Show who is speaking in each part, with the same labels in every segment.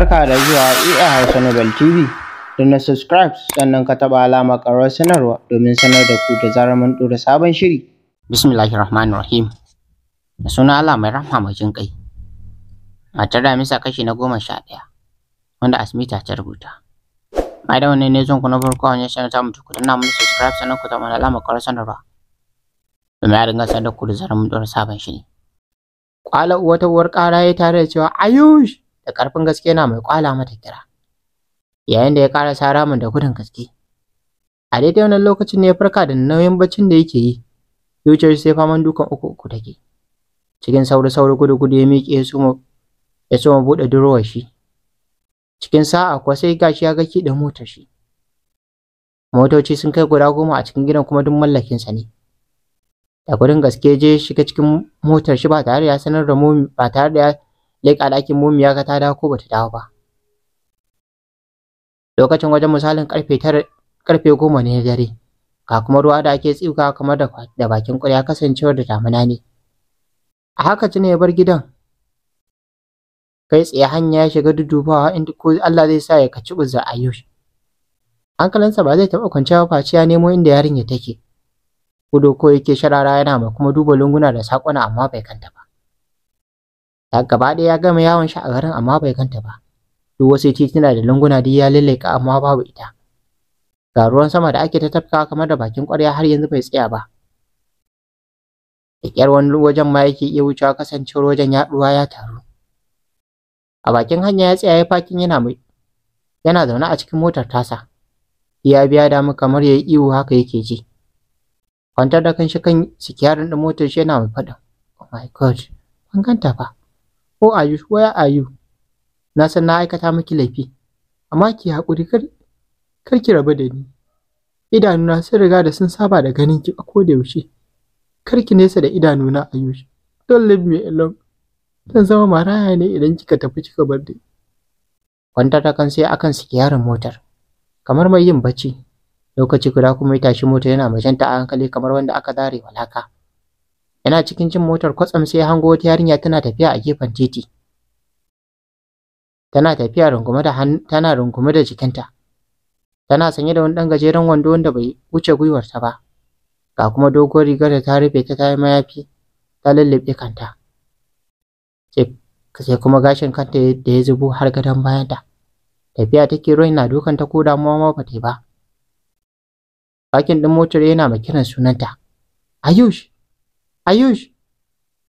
Speaker 1: Barka da zuwa EA Hausa Nobel TV. Da na subscribe sannan ka taɓa alama ƙarar sanarwa domin sanar da ku da zarar mun dora sabon shiri. Rahim. Da suna Allah mai rahma mai jin ƙai. Matar misa kashi na goma sha ɗaya wanda Asmita ta rubuta. mai da wannan ne zan ku na farko a wajen sanar ta mutu ku danna mun subscribe sannan ku taɓa alama ƙarar sanarwa. Domin a dinga sanar da ku da zarar mun dora sabon shiri. Kwala wata uwar ƙara ya tare da cewa Ayush da ƙarfin gaske yana mai kwala mata kira yayin da ya sara ramin da gudun gaske a daidai wannan lokacin ne ya farka da nauyin baccin da yake yi zuciyar sai faman dukan uku uku take cikin sauri sauri gudu gudu ya miƙe ya suma ya buɗe durowar shi cikin sa'a kuwa sai gashi ya ga kiɗin motar shi motoci sun kai guda goma a cikin gidan kuma duk mallakinsa ne da gudun gaske je shiga cikin motar shi ba tare da ya sanar da mu ba tare da ya leƙa ɗakin mumiya ga ta dawo ko bata dawo ba lokacin wajen misalin ƙarfe tara karfe goma ne na dare ga kuma ruwa da ake tsiuka kamar da, da bakin ƙwarya kasancewar da damuna ne a haka tuna ya bar gidan kai tsaye hanya ya shiga dudubawa inda ko Allah zai sa ya kaci uzza a yau hankalinsa ba zai taɓa kwanciya ba ya nemo inda yarinya take gudu ko yake sharara yana ma kuma duba lunguna da saƙona amma bai kanta ba ta gaba ɗaya ya gama yawon shi a garin amma bai ganta ba duk wasu tituna da lunguna duk ya lalleka amma babu ita ga ruwan sama da ake ta tafkawa kamar da bakin ƙwarya har yanzu bai tsaya ba da ƙyar wani wajen ma yake iya wucewa kasancewar wajen ya ya taru a bakin hanya ya tsaya ya fakin yana mai yana zaune a cikin motar tasa ya biya damu kamar ya yi ihu haka yake ji kwantar da kanshi kan sikiyarin ɗin motar shi yana mai faɗin oh my god ban ganta ba Ko Ayush, where are Na san na aikata miki laifi, amma ki haƙuri kar, kar ki rabu da ni. Idanuna sun riga da sun saba da ganin ki a koda yaushe. Kar ki nesa da idanuna Ayush. Don't leave me alone. Zan zama maraya ne idan kika tafi kika bar da Kwanta ta kan sai akan sikiyarin motar. Kamar mai yin bacci. Lokaci guda kuma ya tashi mota yana majanta a hankali kamar wanda aka dare walaka. yana cikin cin motar kwatsam sai hango wata yarinya tana tafiya a gefen titi tana tafiya rungume da hannu tana rungume da jikinta tana sanye da wani dan gajeren wando wanda bai wuce gwiwarta ba ga kuma doguwar rigar da ta rufe ta ta mayafi ta lullube kanta sai kuma gashin kanta da ya zubo har gadon bayanta tafiya take ruwan na dukan ta ko damuwa ma ba ta ba bakin ɗin motar yana mai kiran sunanta ayush Ayush,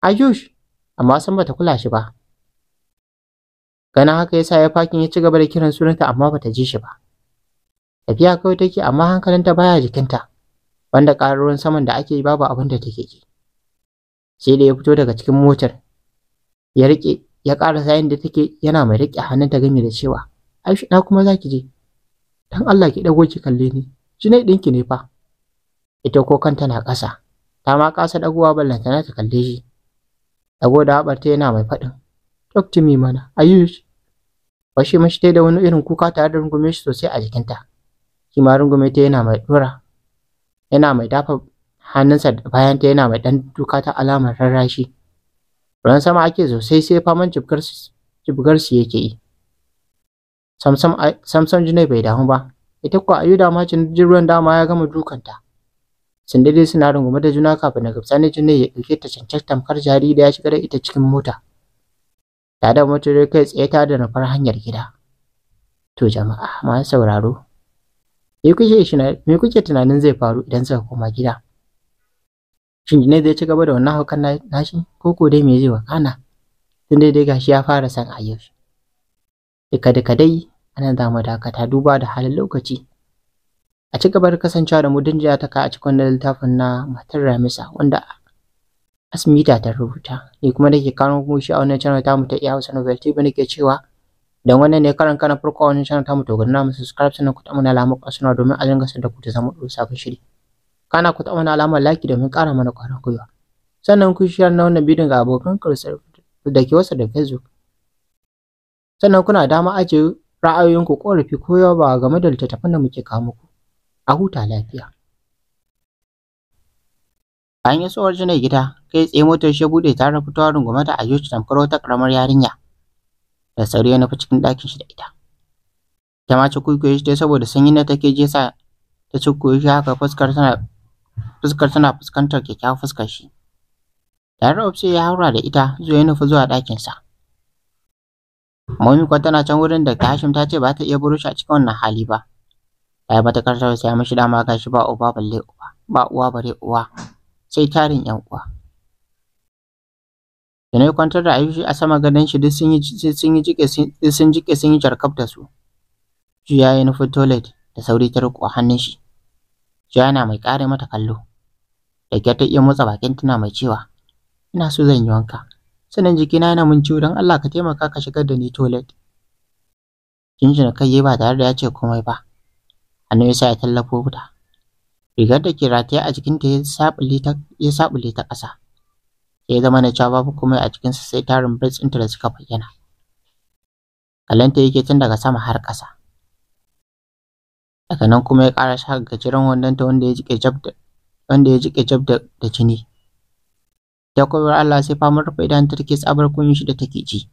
Speaker 1: Ayush, amma san bata kula shi ba. Ganin haka yasa ya fakin ya ci gaba da kiran sunanta amma bata ji shi ba. Tafiya kawai take amma hankalinta baya jikinta, wanda ƙararruwan saman da ake yi babu abin da take ji. Sai da ya fito daga cikin motar, ya riƙe ya ƙara sayin da take yana mai riƙe hannunta gami da cewa, Aisha, na kuma za ki je, don Allah ki ɗago ki kalle ni, jinai ɗinki ne fa. Ita ko kanta na ƙasa, ta ma kasa ɗagowa ballantana ta kalle shi ɗago da haɓar yana mai faɗin talk to me mana ayush washe mashi ta da wani irin kuka tare da rungume shi sosai a jikinta shi ma rungume ta yana mai ɗora yana mai dafa hannunsa da bayan ta yana mai ɗan duka ta alamar rarrashi ruwan sama ake sosai sai faman jibgar su yake yi samsam junai bai damu ba ita kuwa ayu da ma ruwan dama ya gama dukanta sanda dai suna rungume da juna kafin daga bisani juna ya ɗauke ta cancar tamkar jari da ya shiga da ita cikin mota. Ta da motar kai tsaye ta da nufar hanyar gida. To jama'a masu sauraro, me kuke tunanin zai faru idan suka koma gida? Shin ne zai ci gaba da wannan haukan nashi ko ko dai me zai wakana? Tun dai dai gashi ya fara san ayyuka. duka Dika dai ana za mu dakata duba da halin lokaci. a ci gaba da kasancewa da mu don taka a cikin wannan littafin na matar Ramisa wanda Asmita ta rubuta ni kuma nake kawo muku shi a wannan channel mu ta iya Hausa Novel TV nake cewa dan wannan ne karan kana farko a wannan channel mu to gurna mu subscribe sannan ku ta mana alamar kasuwa domin a dinga sanda da ku ta zama dole sabon shiri kana ku ta na alamar like domin ƙara mana ƙwarin gwiwa sannan ku share na wannan bidiyon ga abokan karsar da ke wasa da Facebook sannan kuna dama ajiye ra'ayoyinku ƙorafi ko yawa game da littattafan da muke kawo muku a huta lafiya. Bayan tsohuwar Junaid gida, kai tsaye motar shi ya buɗe tare da fitowar rungume ta a tamkar wata ƙaramar yarinya. Da sauri ya nufi cikin ɗakin shi da ita. Ita ma ci kuikuyo shi saboda sanyin da take je sa ta ci kuikuyo shi haka fuskar tana fuskar tana fuskantar kyakkyawar fuskar shi. Tare da ya haura da ita zuwa ya nufi zuwa ɗakinsa. Momi kuwa tana can wurin da Hashim ta ce ba ta iya burushi a cikin wannan hali ba. ai matakar sai mishi dama gashi ba uba balle uba ba uwa bare uwa sai tarin yan uwa da na kwantar da Ayushi a sama gadon shi duk sun yi jike sun yi da su juya ya yi nufin toilet da sauri ta riƙo hannun shi juya na mai ƙare mata kallo da kyar ta iya motsa bakin tana mai cewa ina so zan yi wanka sannan jikina yana munci ciwo don Allah ka taimaka ka shigar da ni toilet jinjina kai ba tare da ya ce komai ba annabi ya tallafo ta rigar da ke rataye a jikinta ya sabule ta ya sabule ta ƙasa ya zama na cewa babu komai a sa sai tarin birtsinta da suka bayyana kallanta yake tun daga sama har ƙasa daga nan kuma ya ƙara sha gajeren ta wanda ya jike jab da wanda ya jike jab da, da jini ta kwabar Allah sai famar rufe idan ta take tsabar kunyin shi da take ji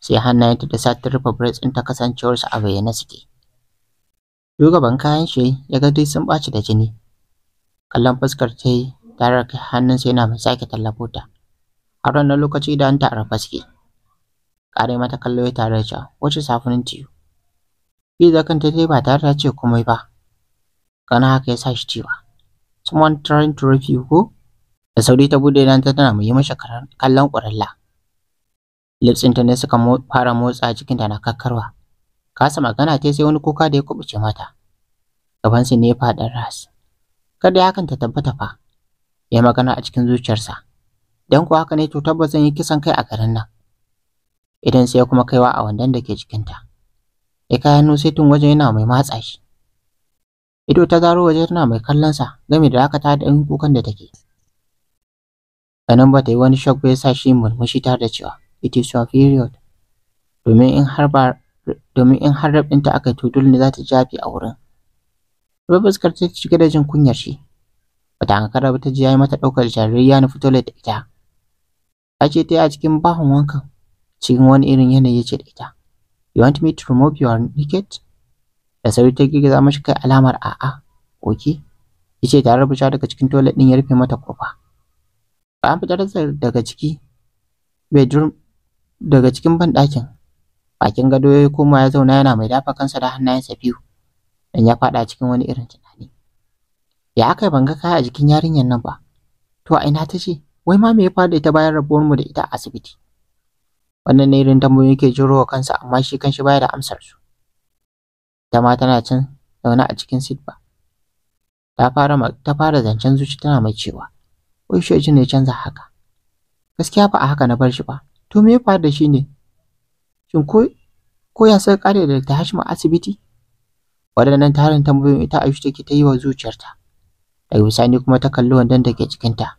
Speaker 1: sai hannayenta da sa ta rufe ta kasancewarsa a bayyane suke Rurruben kayan shi ya ga dai sun ɓaci da jini. Kallon fuskar ta yi tare da sai yana mai sake tallafo ta. A wannan lokaci da an tara suke. Ƙare mata kallo ya tare da cewa wace safunin tiyo. da kanta dai ba tare da ce komai ba. Kana haka ya sa shi cewa someone trying to rape you ko? Da sauri ta bude nan tana mai yi masa kallon ƙwararla. Lips ta ne suka fara motsa jikinta na kakkarwa. kasa magana ta sai wani kuka da ya kubuce mata gabansu ne ya faɗin ras kada hakan ta tabbata fa ya magana a cikin zuciyarsa dan kuwa haka ne to tabbas zan yi kisan kai a garin nan idan sai kuma kaiwa a wandan da ke jikinta. ya kai hannu sai tun wajen yana mai matsa shi ido ta zaro waje tana mai kallonsa game da haka ta da yin kukan da take ganin ba ta yi wani shak ya sa shi murmushi tare da cewa it is your period domin in har ba domin in har rab aka yi to dole ne za ta jafe a wurin. Rufe fuskar ta shiga da jin kunyar shi. Bata hankara ba ta ji yi mata ɗaukar jarirai, ya nufi tole da ita. Ta ce ta yi a cikin bahon wankan cikin wani irin yanayi ce da ita. You want me to remove your naked? Da sauri ta za mashi kai alamar a'a. oke yace ta rubuta daga cikin toilet din ya rufe mata kofa bayan fitar daga ciki bedroom daga cikin banɗakin bakin gado ya koma ya zauna yana mai dafa kansa da hannayensa biyu dan ya faɗa cikin wani irin tunani ya aka ban ga kaya a jikin yarinyar nan ba to a ina ta ce wai ma me ya fada ita bayan rabuwar mu da ita a asibiti wannan ne irin tambayoyi yake jiro wa kansa amma shi kanshi baya da amsar su ita ma tana can zaune a cikin sitba ta fara ta fara zancen zuci tana mai cewa wai shi ne canza haka gaskiya ba a haka na bar shi ba to me ya faru shi ne Shin ko ko ya suka ƙare da ta Hashim asibiti? Waɗannan tarin tambayoyin ita Aisha take ta yi wa zuciyarta. Daga bisani kuma ta kalli wandon da ke cikinta.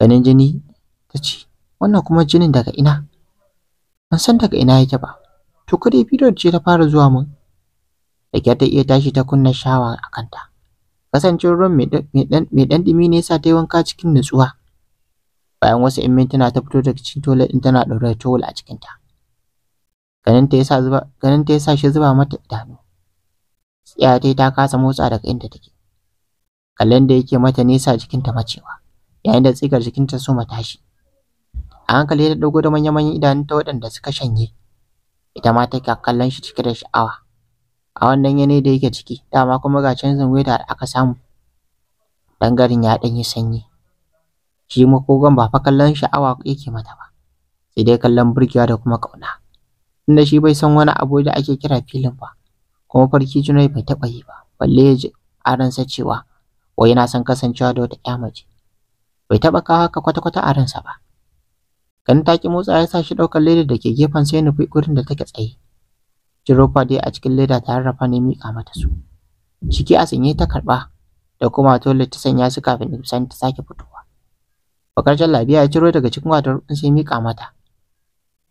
Speaker 1: Ganin jini ta ce, wannan kuma jinin daga ina? Ban san daga ina yake ba. To kada bidon ce ta fara zuwa mun. Da ke ta iya tashi ta kunna shawa a kanta. Kasancewar ruwan mai dan ɗumi ne yasa ta yi wanka cikin nutsuwa. Bayan wasu 'yan mintuna ta fito daga cikin toilet din tana ɗaure da towel a cikinta. ganinta ya sa shi zuba mata idanu tsiya ta kasa motsa daga inda take kallon da yake mata nesa jikinta macewa yayin da tsigar jikinta soma tashi a hankali ta dago da manya-manyan idanunta waɗanda suka shanye ita ma take kallon shi cike da sha'awa a wannan yanayi da yake ciki dama kuma ga canjin weda da aka samu Dangarin ya ɗanyi sanyi shi makogon ba fa kallon sha'awa yake mata ba sai dai kallon burgewa da kuma ƙauna tunda shi bai san wani abu da ake kira filin ba kuma farki juna bai taɓa yi ba balle ya ji a cewa wai yana son kasancewa da wata ƴa mace bai taɓa kawo haka kwata-kwata a ransa ba ganin taki motsa ya sa shi ɗaukar leda da ke gefen sai nufi gurin da take tsaye jirofa dai a cikin leda ta rarrafa ne miƙa mata su ciki a sanye ta karɓa da kuma tole ta sanya su kafin Ibsan ta sake fitowa bakar jallabiya ya ciro daga cikin wadar sai miƙa mata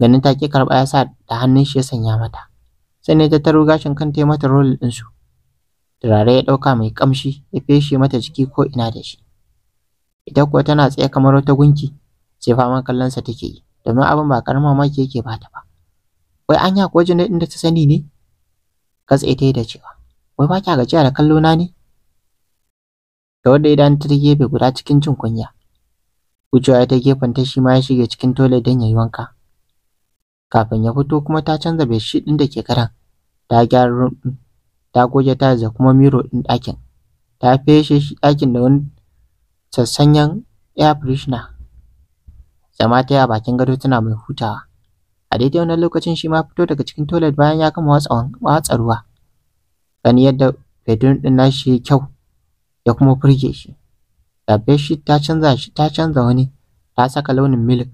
Speaker 1: ganin ta ki karɓa ya sa da hannun shi ya sanya mata sai ne ta taro gashin kanta ya mata roll su turare ya ɗauka mai ƙamshi ya feshe mata jiki ko ina da shi ita kuwa tana tsaye kamar wata gunki sai faman kallon sa take yi domin abin ba ƙaramin mamaki yake bata ba wai anya ko jin daɗin da ta sani ne Ka tsaye ta yi da cewa wai ba kya gajiya da kallo na ne da wanda idan ta gefe guda cikin cin kunya wucewa ta gefen ta shi ma ya shige cikin tole don ya yi wanka kafin ya fito kuma ta canza beshi ɗin da ke karan ta gyara ta goge tiles da kuma miro ɗin ɗakin ta feshe shi ɗakin da wani sassanyen air freshener zama ta yi a bakin gado tana mai hutawa a daidai wannan lokacin shi ma fito daga cikin toilet bayan ya kama watsa ruwa gani yadda bedroom ɗin nashi kyau ya kuma furge shi da bedsheet ta canza shi ta canza wani ta saka launin milk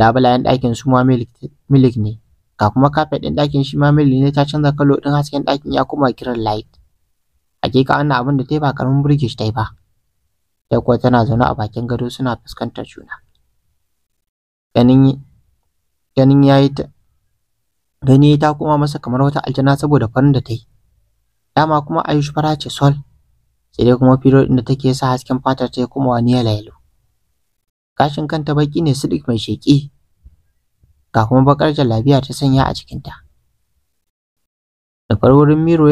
Speaker 1: labulayen ɗakin su ma milik ne ga kuma kafet ɗin ɗakin shi ma milik ne ta canza kalo ɗin hasken ɗakin ya koma kiran light hakika wannan abin da ta yi ba karamin burgish ta yi ba Ya kuwa tana zaune a bakin gado suna fuskantar juna ganin ya yi ta gani ta kuma masa kamar wata aljana saboda farin da ta yi dama kuma ayush fara ce sol sai dai kuma filo ɗin da take sa hasken fatar ta ya koma wani yala yalo gashin kanta baki ne su sidik mai sheƙi ga kuma bakar jalabiya ta sanya a cikinta. da wurin miro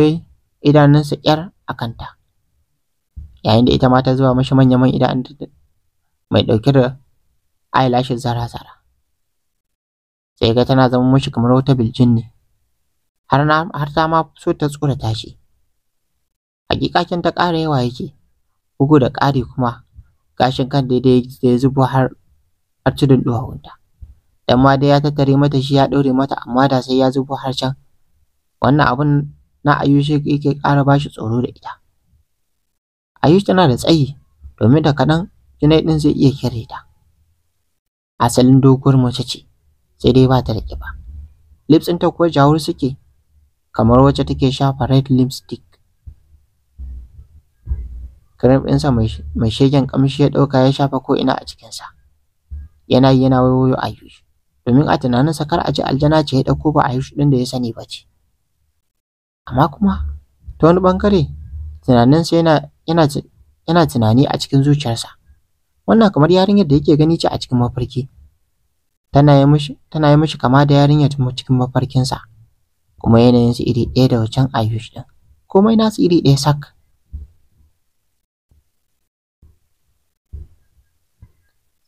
Speaker 1: idanunsa ƙyar a kanta yayin da ita ma ta zuba mashi manyan idan mai ɗauke da eyelashes zara-zara sai ga tana zama mashi kamar wata biljin ne har na har ta ma so ta tsora tashi hakikakin ta ƙara yawa yake bugu da ƙari kuma gashin kan daidai da ya zubo har har duwa duwawunta dan ma dai ya tattare mata shi ya daure mata amma da sai ya zubo har can wannan abun na ayushi yake ƙara bashi tsoro da ita ayushi tana da tsayi domin da kaɗan jinai din zai iya kire ta asalin doguwar mace ce sai dai ba ta da kiba lips ɗinta kuwa jawur suke kamar wacce take shafa red lipstick Kirif ɗinsa mai shegen kamshi ya ɗauka ya shafa ko'ina a cikinsa. Yana yi yana a Ayush, domin a tunaninsa kar a ji aljana ce ya dauko ba a Ayush ɗin da ya sani ba ce. Amma kuma, ta wani ɓangare, tunaninsa yana, tunani a cikin zuciyarsa. Wannan kamar yarinyar da yake gani ce a cikin mafarki. Tana yi mishi, kama da yarinyar ta cikin mafarkinsa. kuma yanayinsu iri ɗaya da wancan Ayush ɗin, komai nasu iri ɗaya sak.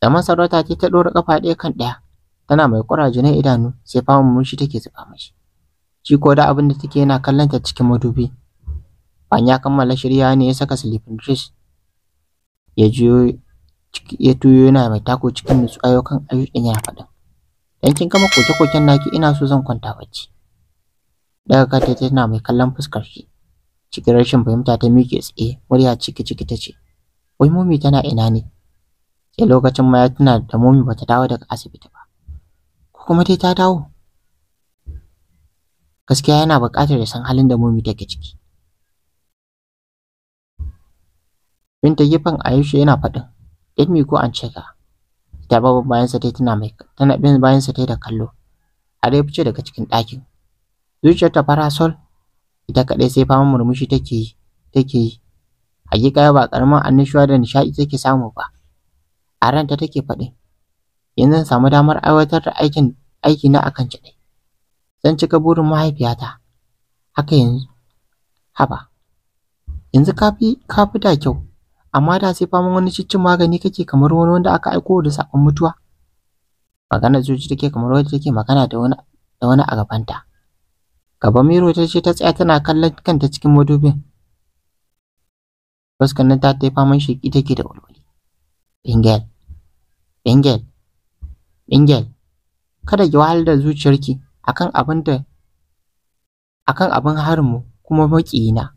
Speaker 1: da masarauta ce ta ɗora ƙafa ɗaya kan ɗaya, tana mai ƙurajunan idanu sai faman murshi take zuba mashi. Shi ko da abin da take yana kallon ta cikin madubi. Ban ya kammala shirya ne ya saka sleeping dress. Ya juyo ya tuyo yana mai tako cikin nutsu ayyukan ayyukan yana faɗin. Dan kin gama koke-koken naki ina so zan kwanta bacci. Daga kata tana mai kallon fuskar shi. Cikin rashin fahimta ta miƙe tsaye, murya ciki ciki ta ce, Wai momi tana ina ne? da lokacin ma ya tuna da momi bata dawo daga asibiti ba ko kuma dai ta dawo gaskiya yana buƙatar ya san halin da momi take ciki Binta gefen ayushe yana faɗin let me go and check her ta babban bayansa ta tana mai tana bin bayansa ta da kallo a ya fice daga cikin ɗakin zuciyarta farasol ita kaɗai sai fama murmushi take yi take yi hakika ba ƙaramin annishuwa da nishaɗi take samu ba a ranta take faɗi yanzu zan samu damar aiwatar da aikin aiki na akan kiɗi zan cika burin mahaifiyata haka yanzu haba yanzu kafi kafi da kyau amma da sai faman wani ciccin magani kake kamar wani wanda aka aiko da sakon mutuwa magana zuci take kamar wanda take magana da wani da wani a gabanta gaba miro ta ce ta tsaya tana kallon kanta cikin madubin fuskar nan ta ta faman sheki take da wani. Ɓingel, Ɓingel, Ɓingel, kada ki wahalar da zuciyarki akan abin da akan abin harinmu kuma maƙiyina.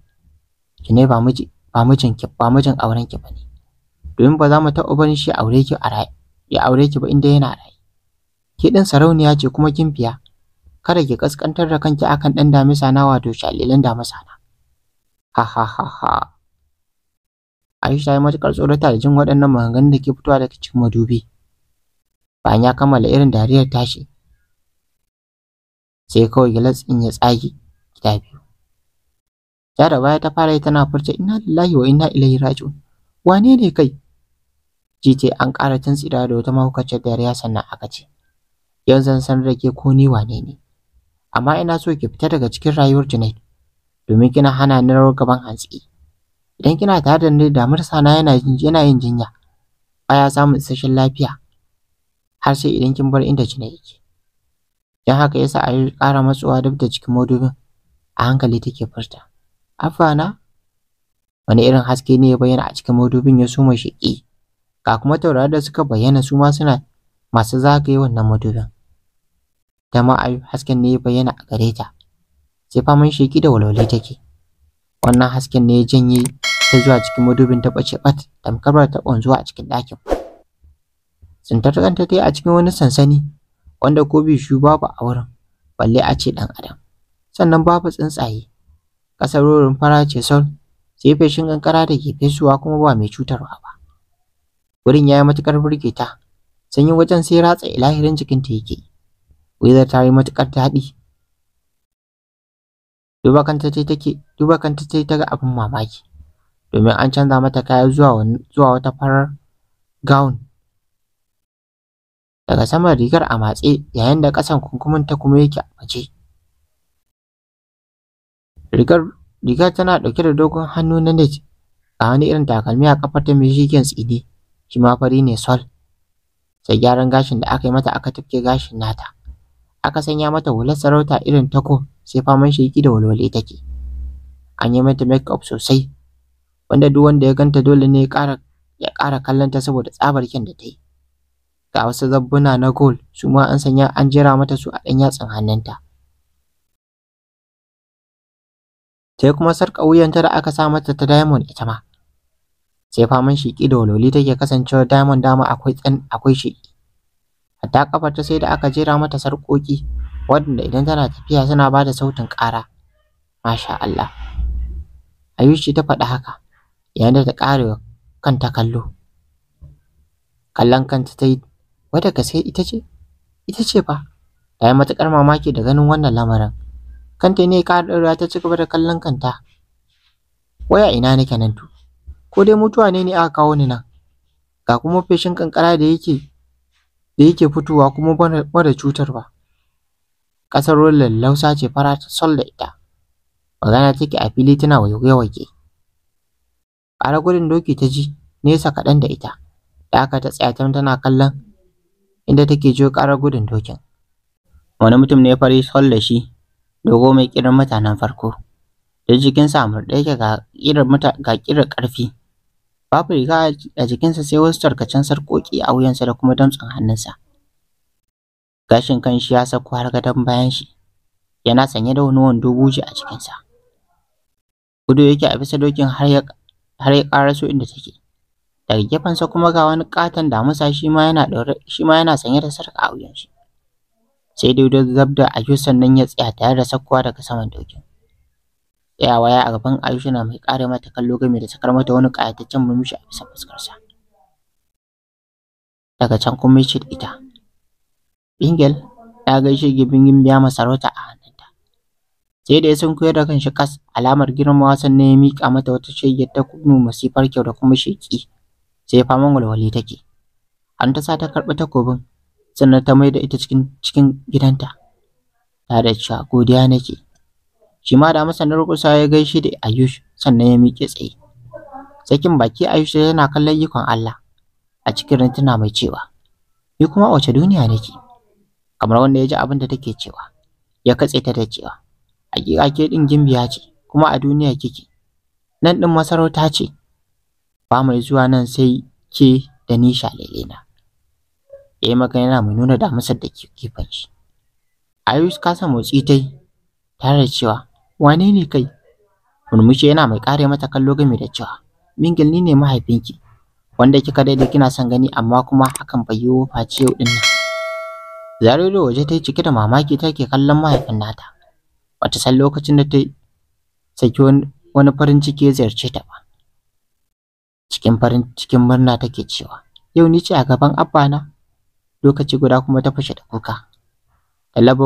Speaker 1: Ki ne ba miji ba ki ba mijin ki bane. Domin ba za mu taɓa barin shi ya aure ki a ya aure ki ba inda yana rai. Ki din sarauniya ce kuma kin fiya. Kada ki kaskantar da kanki akan ɗan damisa na wato shalilan damisa na. Ha ha ha ha. Aisha ya yi matuƙar tsorata da jin waɗannan maganganun da ke fitowa daga cikin madubi. Bayan ya kammala irin dariyar tashi, sai kawai gilas in ya tsage gida biyu. Jara baya ta fara yi tana furta inna lillahi wa inna ilaihi raji'un. Wane ne kai? Jite an ƙara tantsira da wata mahaukaciyar dariya sannan aka ce, Yau zan san rage ko ni wane ne. Amma ina so ki fita daga cikin rayuwar Junaid domin kina hana ni rawar gaban hantsi. idan kina tare da ni damar marasana yana yana yin jinya baya samun isasshen lafiya har sai idan kin bar inda jini yake don haka yasa a yi ƙara matsowa duk da cikin madubin a hankali take furta afana wani irin haske ne ya bayyana a cikin madubin ya suma shiƙi ga kuma taurari da suka bayyana su ma suna masu zagaye wannan madubin da ma ayu hasken ne ya bayyana a gare ta sai faman sheki da walwale take wannan hasken ne ya janye ta zuwa cikin madubin ta bace bat tamkar ta zuwa cikin ɗakin tsintar kanta ta yi a cikin wani sansani wanda ko shu babu a wurin balle a ce ɗan adam sannan babu tsuntsaye ƙasar fara ce sol sai feshin kankara da ke fesuwa kuma ba mai cutarwa ba wurin ya yi matuƙar burge ta sanyin wajen sai ratsa ilahirin jikinta yake wizar ta yi matuƙar daɗi duba kanta ta take duba kanta ta ga abin mamaki domin an canza mata kaya zuwa wata farar gown daga saman rigar a matse yayin da ƙasan ta kuma yake a waje. Rigar tana ɗauke da dogon hannu na net ga wani irin takalmi a kafar ta mai tsini shi ma fari ne sol. Sai gyaran gashin da aka yi mata aka tafke gashin nata. Aka sanya mata hular sarauta irin tako sai faman sheki da walwale take. An yi mata make up sosai wanda duk wanda ya ganta dole ne ya ƙara kallonta saboda tsabar kyan da ta yi. Ga wasu zabbuna na gol, su ma an sanya an jira mata su a ɗan yatsin hannunta. Sai kuma sarƙa wuyanta da aka sa mata ta diamond ita ma. Sai faman shiki da walwali take kasancewa diamond dama akwai tsan akwai shi Hatta ta sai da aka jera mata sarƙoƙi waɗanda idan tana tafiya suna ba da sautin ƙara. Masha Allah. Ayushi ta faɗi haka. yayin da ta ƙara kanta kallo kallon kanta ta yi wadda ka sai ita ce ita ce fa ta yi matuƙar mamaki da ganin wannan lamarin kanta ne ka ɗaura ta ci gaba da kallon kanta waya ina nake nan to ko dai mutuwa ne ne aka kawo ni nan ga kuma feshin kankara da yake da yake fitowa kuma mara cutarwa ƙasar ruwan lallausa ce fara ta sol da ita magana take a fili tana waiwaye ƙarar gudun doki ta ji nesa kaɗan da ita, da aka ta tsaya tana kallon inda take jiyo ƙarar gudun dokin. Wani mutum ne fari sol da shi, dogo mai ƙirin mutanen farko, da jikinsa a murɗe yake ga ƙirar ƙarfi. Babu riga a jikinsa sai wasu tarkacen sarƙoƙi a wuyansa da kuma damtsin hannunsa. gashin kan shi ya sauko har gadon bayan shi yana sanye da wani wando buji a cikinsa gudu yake a bisa dokin har ya har ya ƙaraso inda take. Daga gefensa kuma ga wani ƙaton damisa shi ma yana ɗaure shi ma yana sanye da sarƙa a shi. Sai dai dab da Ayush sannan ya tsaya tare da sakkowa daga saman dokin. Tsayawa ya a gaban Ayush na mai ƙare mata kallo game da sakar mata wani ƙayataccen murmushi a bisa fuskarsa. Daga can kuma ya ce ita, Bingel, ya gaishe gibin biya masarauta a hannu. Sai da ya koyar da kanshi kas alamar girma sannan ya mika mata wata shegiyar ta kunu masifar kyau da kuma sheƙi, sai faman walwali take. an ta karɓi takobin, sannan ta mai da ita cikin cikin gidanta. Ta da cewa godiya nake. Shi ma da masa na ya gaishe da Ayush sannan ya miƙe tsaye. Sakin baki Ayush yana kallon ikon Allah a cikin rantuna mai cewa, Ni kuma a wace duniya nake? Kamar wanda ya ji abin da take cewa, ya katse ta da cewa, hakika ke ɗin gimbiya ce kuma a duniya kike nan ɗin masarauta ce ba mai zuwa nan sai ke da nisha shalelena ya eh, yi magana yana mai nuna damisar da ke kifan shi ka kasa motsi tai tare da cewa wane ne kai murmushi yana mai kare mata kallo gami da cewa mingil ne mahaifinki wanda kika daidai kina son gani amma kuma hakan bai yiwu face yau din nan Zarilo waje ta yi cike da mamaki take kallon mahaifin nata bata san lokacin da ta saki wani farin ciki ya ziyarce ta ba cikin farin cikin murna take cewa yau ni ce a gaban abba na lokaci guda kuma ta fashe da kuka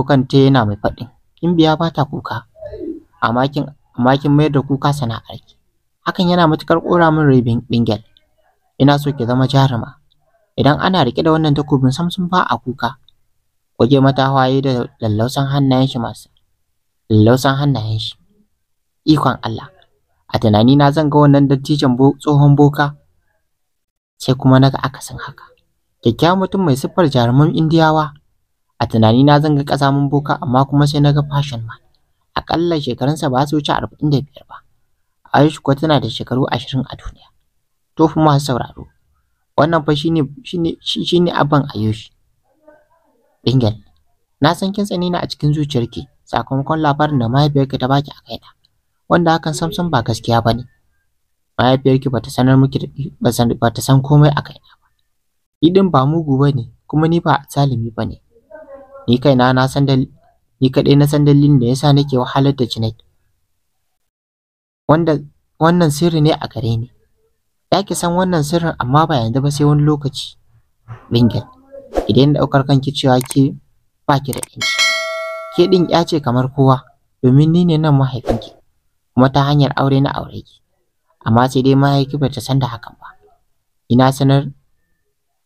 Speaker 1: kan ta yana mai faɗin in biya ba ta kuka amma kin mayar da kuka sana'ar ki hakan yana matukar kora min rai bingel ina so ki zama jaruma idan ana rike da wannan takobin samsun ba a kuka Waje mata hawaye da lallausan hannayen shi masu lausan hannayen shi. Ikon Allah, a tunanina zan ga wannan dattijan tsohon boka, sai kuma na ga akasin haka. Kyakkyawan mutum mai siffar jaruman Indiyawa, a na zan ga ƙazamin boka amma kuma sai na ga fashion man. Aƙalla shekarunsa ba su wuce arba'in da biyar ba. Aisha kuwa tana da shekaru ashirin a duniya. To fa masu sauraro, wannan fa shine shine shine abin a na san kin tsani a cikin zuciyarki. sakamakon labarin da mahaifiyarki ta baki a kaina wanda hakan samsam ba gaskiya bane mahaifiyarki bata sanar miki bata san komai a kaina ba ni ba mugu bane kuma ni ba salimi bane ni kaina na san ni kaɗai na san dalilin da yasa nake wahalar da Junaid. Wanda wannan sirri ne a gare ni. Ya ke san wannan sirrin amma ba yanzu ba sai wani lokaci. Bingel, idan ɗaukar kanki cewa ke ba ki da inci. ke ɗin ya ce kamar kowa domin ni ne nan mahaifinki kuma ta hanyar aure na aure ki amma sai dai mahaifi bata san da hakan ba ina sanar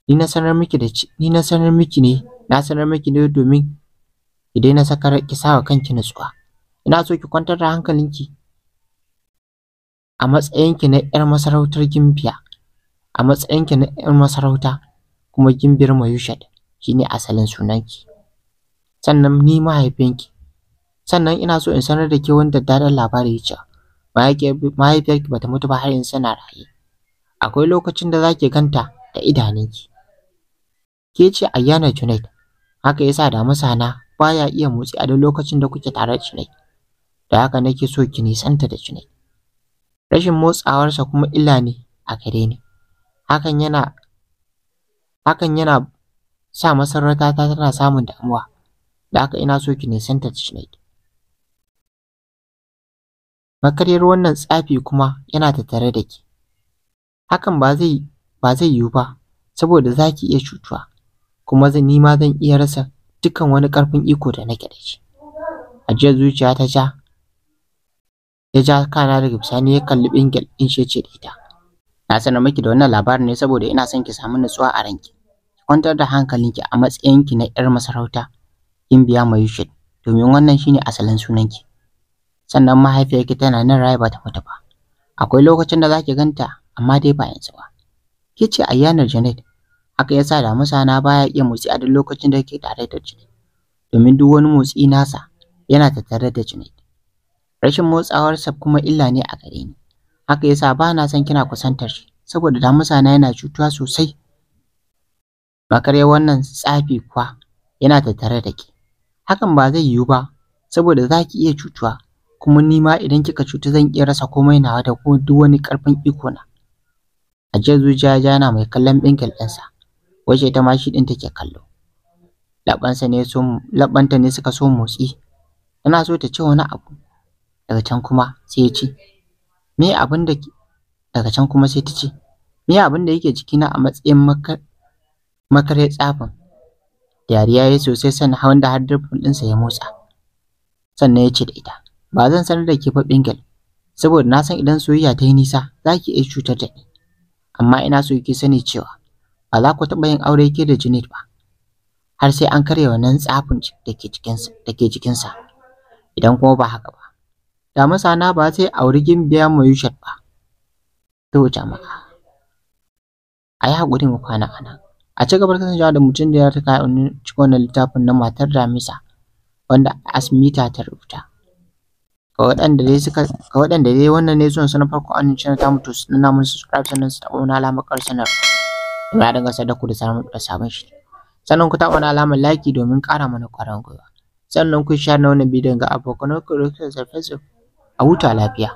Speaker 1: ni na sanar miki da ni na sanar miki ne na sanar miki ne domin ki daina sakar ki sawa kanki nutsuwa ina so ki kwantar da hankalinki a matsayinki na 'yar masarautar gimbiya a matsayinki na 'yar masarauta kuma gimbiyar mayushad shine asalin sunanki sannan ni mahaifinki sannan ina so in sanar da ke wani daddaɗan labari cewa mahaifiyarki bata mutu ba har yanzu sana raye akwai lokacin da zaki ganta da idanunki ke ce Ayyana Junaid haka yasa da musana baya iya motsi a duk lokacin da kuke tare da Junaid da haka nake so ki nisanta da Junaid rashin motsawarsa kuma illa ne a gare ni hakan yana hakan yana sa masarauta ta tana samun damuwa da haka ina so ki nisanta Junaid. Makaryar wannan tsafi kuma yana tattare da ki. Hakan ba zai ba zai yiwu ba saboda zaki iya cutuwa kuma zan ni ma zan iya rasa dukkan wani karfin iko da nake da shi. Ajiyar zuciya ta ja ya ja kana daga bisani ya kalli bingel din shi ce da ita. Na sanar miki da wannan labarin ne saboda ina son ki samu nutsuwa a ranki. Ki kwantar da hankalinki a matsayinki na 'yar masarauta Gimbiya Moishet domin wannan shine asalin sunan ki. Sannan mahaifiyarki tana nan raye ba ta mutu ba. Akwai lokacin da zaki ganta amma dai ba yanzu ba. kici ce ayyanar Janet, haka yasa damusa na baya iya motsi a duk lokacin da yake tare da Janet. Domin duk wani motsi nasa yana tattare da Janet. Rashin motsawarsa kuma illa ne a gare ni. Haka yasa ba na son kina kusantar shi saboda damusa na yana cutuwa sosai. Makarya wannan tsafi kuwa yana tattare da ki. Hakan ba zai yiwu ba saboda za ki iya cutuwa kuma ni ma idan kika cutu zan iya rasa komai nawa da kuma duk wani ƙarfin iko na. A zuciya ya yana mai kallon bingel ɗinsa wace ta ma shi ɗin take kallo. Laɓansa ne laɓanta ne suka so motsi tana so ta ce wani abu daga can kuma sai ya ce me abin da daga can kuma sai ta ce me abin da yake jikina a matsayin makare tsafin Dariya ya sosai sannan da har dimpul ɗinsa ya motsa. Sannan ya ce da ita, ba zan sanar da ke ba Bingel, saboda na san idan soyayya ta yi nisa za ki iya cutar da ni. Amma ina so ki sani cewa ba za ku taɓa yin aure ke da jinit ba. har sai an karya wannan tsafin da ke jikinsa idan kuma ba haka ba da na ba sai auri gimbiya mu yushat ba to jama'a ayi hakuri mu kwana a nan. A ci gaba da kasancewa da mutum da ya taka ni cikin wannan littafin na Matar Damisa wanda Asmita ta rubuta. Ga waɗanda dai suka dai wannan ne zuwan su farko an cin ta mutu su nuna mun subscribe sannan su taɓa wani alamar ƙar sanar. Ina da gasar da ku da samun da sabon shi. Sannan ku taɓa wani alamar like domin ƙara mana ƙwarin gwiwa. Sannan ku share na wannan bidiyon ga abokan ku da suka zarfe su a huta lafiya.